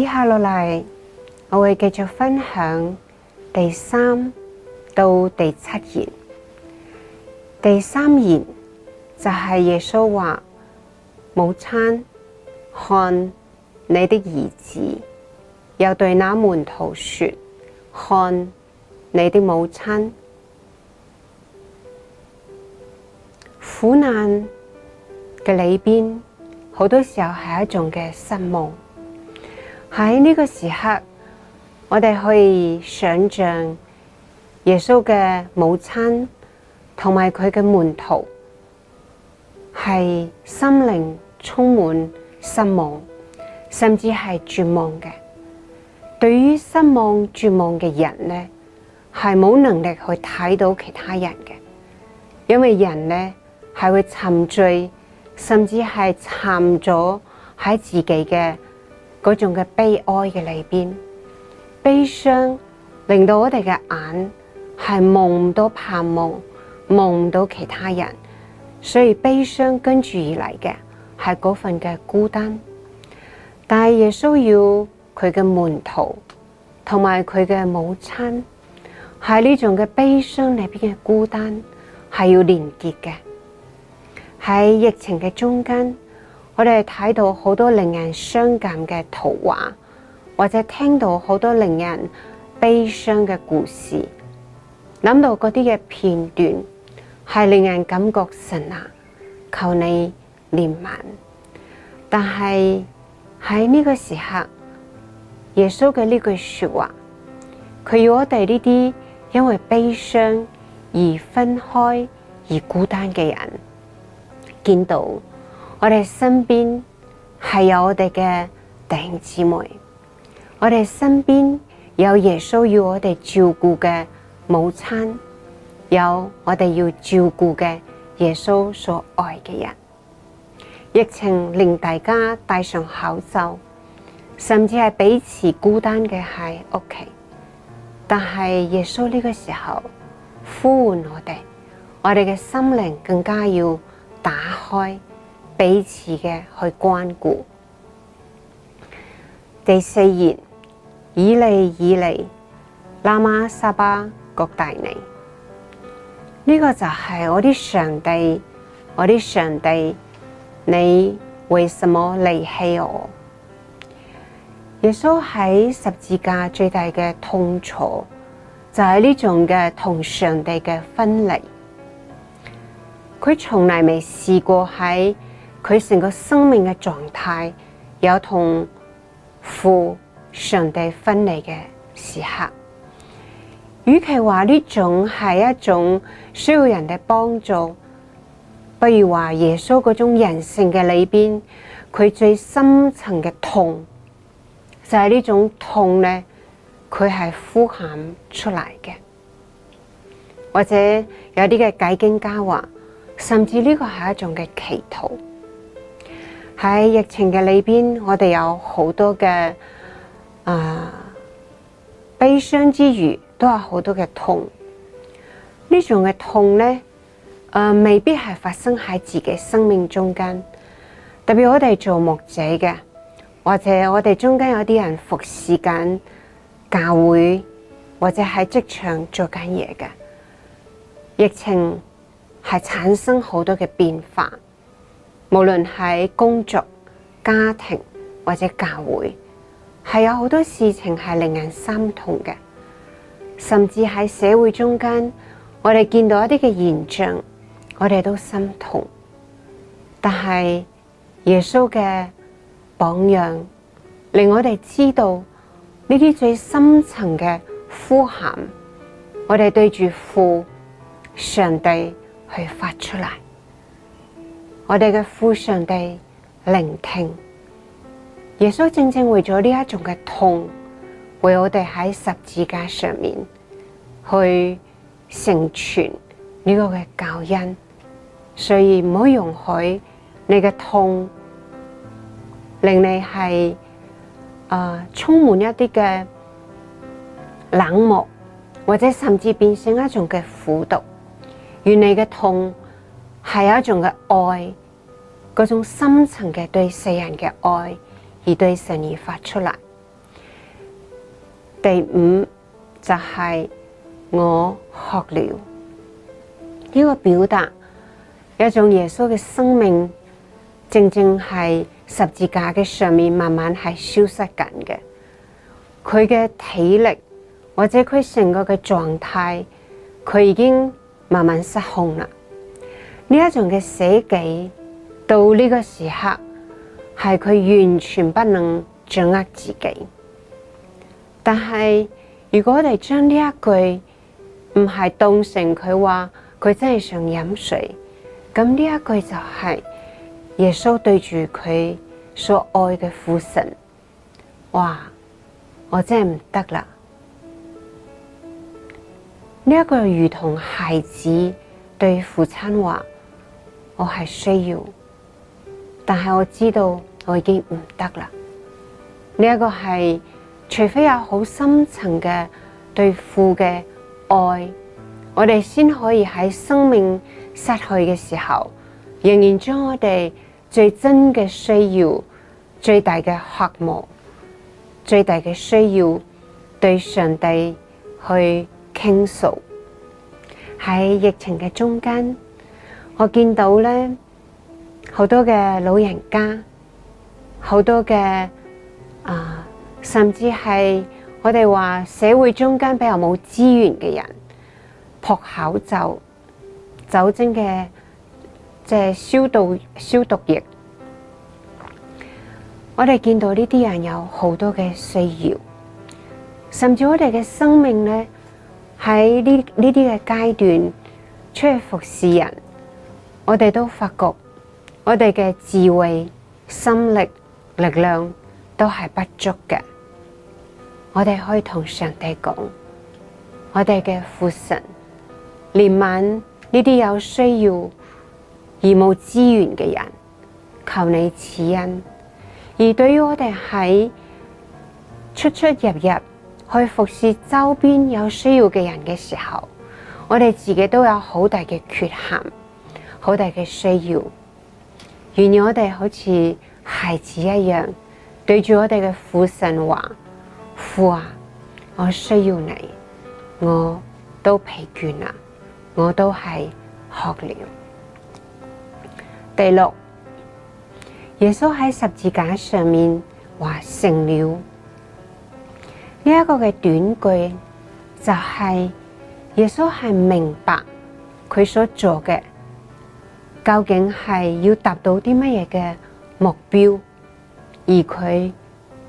以下落嚟，我會繼續分享第三到第七言。第三言就係耶穌話：母親，看你的兒子；又對那門徒說：看你的母親。苦難嘅裏邊，好多時候係一種嘅失望。喺呢個時刻，我哋可以想象耶穌嘅母親同埋佢嘅門徒係心靈充滿失望，甚至係絕望嘅。對於失望絕望嘅人咧，係冇能力去睇到其他人嘅，因為人咧係會沉醉，甚至係沉咗喺自己嘅。嗰種嘅悲哀嘅裏邊，悲傷令到我哋嘅眼係望唔到盼望，望唔到其他人，所以悲傷跟住而嚟嘅係嗰份嘅孤單。但係耶穌要佢嘅門徒同埋佢嘅母親喺呢種嘅悲傷裏邊嘅孤單係要連結嘅。喺疫情嘅中間，我哋睇到好多令人傷感嘅圖畫，或者聽到好多令人悲傷嘅故事，諗到嗰啲嘅片段係令人感覺神啊，求你憐憫。但係喺呢個時刻，耶穌嘅呢句說話，佢要我哋呢啲因為悲傷而分開而孤單嘅人見到，我哋身邊係有我哋嘅弟兄姊妹，我哋身邊有耶穌要我哋照顧嘅母親，有我哋要照顧嘅耶穌所愛嘅人。疫情令大家戴上口罩，甚至係彼此孤單嘅喺屋企，但係耶穌呢個時候呼喚我哋，我哋嘅心靈更加要打開。彼此嘅去關顧。第四言，以利以利，拉馬撒巴各大尼，呢、這個就係我啲上帝，我啲上帝，你為什麼離棄我？耶穌喺十字架最大嘅痛楚，就係、是、呢種嘅同上帝嘅分離。佢從來未試過喺。佢成個生命嘅狀態有同父上帝分離嘅時刻，與其話呢種係一種需要人哋幫助，不如話耶穌嗰種人性嘅裏邊，佢最深層嘅痛就係呢種痛咧，佢係呼喊出嚟嘅，或者有啲嘅解經家話，甚至呢個係一種嘅祈禱。喺疫情嘅裏邊，我哋有好多嘅啊、呃、悲傷之餘，都有好多嘅痛。這種的痛，呢種嘅痛咧，誒、呃、未必係發生喺自己生命中間。特別我哋做牧者嘅，或者我哋中間有啲人服侍緊教會，或者喺職場做緊嘢嘅，疫情係產生好多嘅變化。無論喺工作、家庭或者教會，係有好多事情係令人心痛嘅，甚至喺社會中間，我哋見到一啲嘅現象，我哋都心痛。但係耶穌嘅榜樣令我哋知道呢啲最深層嘅呼喊，我哋對住父上帝去發出嚟。我哋嘅父上帝聆聽，耶穌正正為咗呢一種嘅痛，為我哋喺十字架上面去成全呢個嘅救恩，所以唔好容許你嘅痛令你係啊、呃、充滿一啲嘅冷漠，或者甚至變成一種嘅苦毒，願你嘅痛。係有一種嘅愛，嗰種深層嘅對世人嘅愛，而對神而發出嚟。第五就係、是、我學了呢、這個表達，一種耶穌嘅生命，正正係十字架嘅上面慢慢係消失緊嘅。佢嘅體力或者佢成個嘅狀態，佢已經慢慢失控啦。呢一種嘅寫記到呢個時刻，係佢完全不能掌握自己。但係如果我哋將呢一句唔係當成佢話佢真係想飲水，咁呢一句就係耶穌對住佢所愛嘅父神哇：我真係唔得啦！呢一句如同孩子對父親話。我係需要，但係我知道我已經唔得啦。呢一個係除非有好深層嘅對父嘅愛，我哋先可以喺生命失去嘅時候，仍然將我哋最真嘅需要、最大嘅渴望、最大嘅需要對上帝去傾訴。喺疫情嘅中間。我見到咧好多嘅老人家，好多嘅啊、呃，甚至係我哋話社會中間比較冇資源嘅人，撲口罩、酒精嘅即係消毒消毒液。我哋見到呢啲人有好多嘅需要，甚至我哋嘅生命咧喺呢呢啲嘅階段出嚟服侍人。我哋都發覺，我哋嘅智慧、心力、力量都係不足嘅。我哋可以同上帝講，我哋嘅父神憐憫呢啲有需要而冇資源嘅人，求你賜恩。而對於我哋喺出出入入去服侍周邊有需要嘅人嘅時候，我哋自己都有好大嘅缺陷。我哋嘅需要，原來我哋好似孩子一樣，對住我哋嘅父神話，父啊，我需要你，我都疲倦啦，我都係渴了。第六，耶穌喺十字架上面話，成了。呢一個嘅短句，就係耶穌係明白佢所做嘅。究竟係要達到啲乜嘢嘅目標，而佢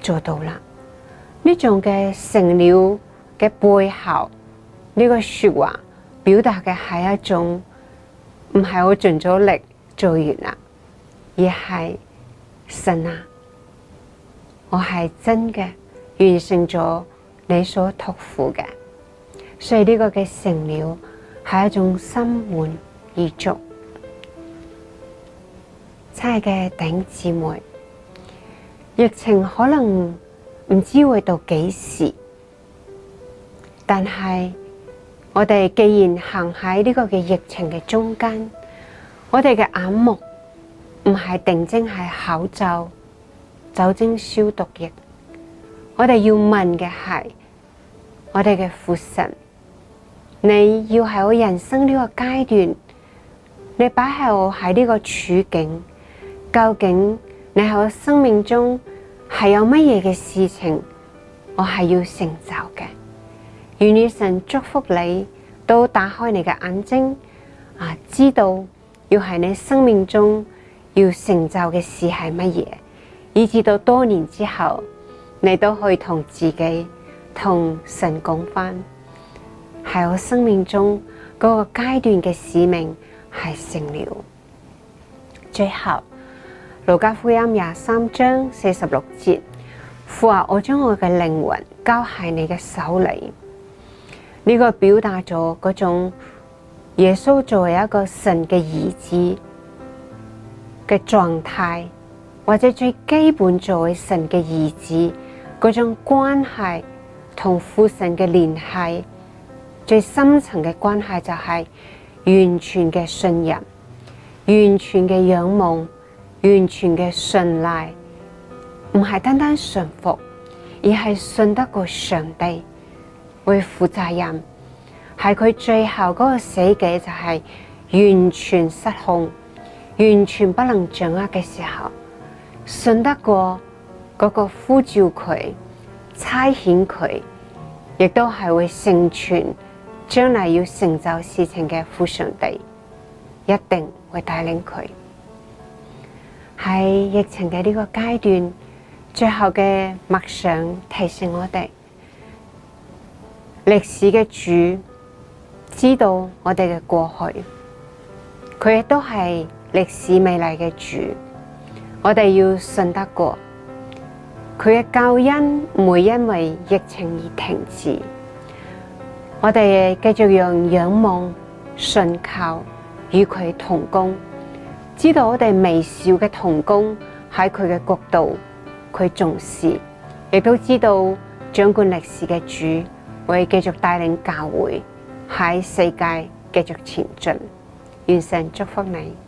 做到啦？呢種嘅成了嘅背後，呢、呢個說話表達嘅係一種唔係我盡咗力做完啦，而係神啊，我係真嘅完成咗你所託付嘅，所以呢個嘅成了係一種心滿意足。親愛嘅弟兄姊妹，疫情可能唔知道會到幾時，但係我哋既然行喺呢個嘅疫情嘅中間，我哋嘅眼目唔係定睛係口罩、酒精消毒液，我哋要問嘅係我哋嘅父神，你要喺我人生呢個階段，你擺喺我喺呢個處境。究竟你喺我生命中係有乜嘢嘅事情，我係要成就嘅？願與神祝福你，都打開你嘅眼睛啊，知道要係你生命中要成就嘅事係乜嘢，以至到多年之後，你都可以同自己、同神講翻係我生命中嗰個階段嘅使命係成了。最後。路加福音廿三章四十六節，父啊，我將我嘅靈魂交喺你嘅手裏。呢、這個表達咗嗰種耶穌作為一個神嘅兒子嘅狀態，或者最基本作為神嘅兒子嗰種關係同父神嘅聯繫最深層嘅關係就係完全嘅信任，完全嘅仰望。完全嘅信賴，唔係單單信服，而係信得過上帝會負責任。係佢最後嗰個死嘅就係完全失控、完全不能掌握嘅時候，信得過嗰個呼召佢、差遣佢，亦都係會成全將來要成就事情嘅父上帝，一定會帶領佢。喺疫情嘅呢個階段，最後嘅默想提醒我哋，歷史嘅主知道我哋嘅過去，佢亦都係歷史未來嘅主，我哋要信得過，佢嘅救恩唔會因為疫情而停止，我哋繼續用仰望、信靠與佢同工。知道我哋微小嘅同工喺佢嘅角度，佢重視，亦都知道掌管歷史嘅主會繼續帶領教會喺世界繼續前進。願神祝福你。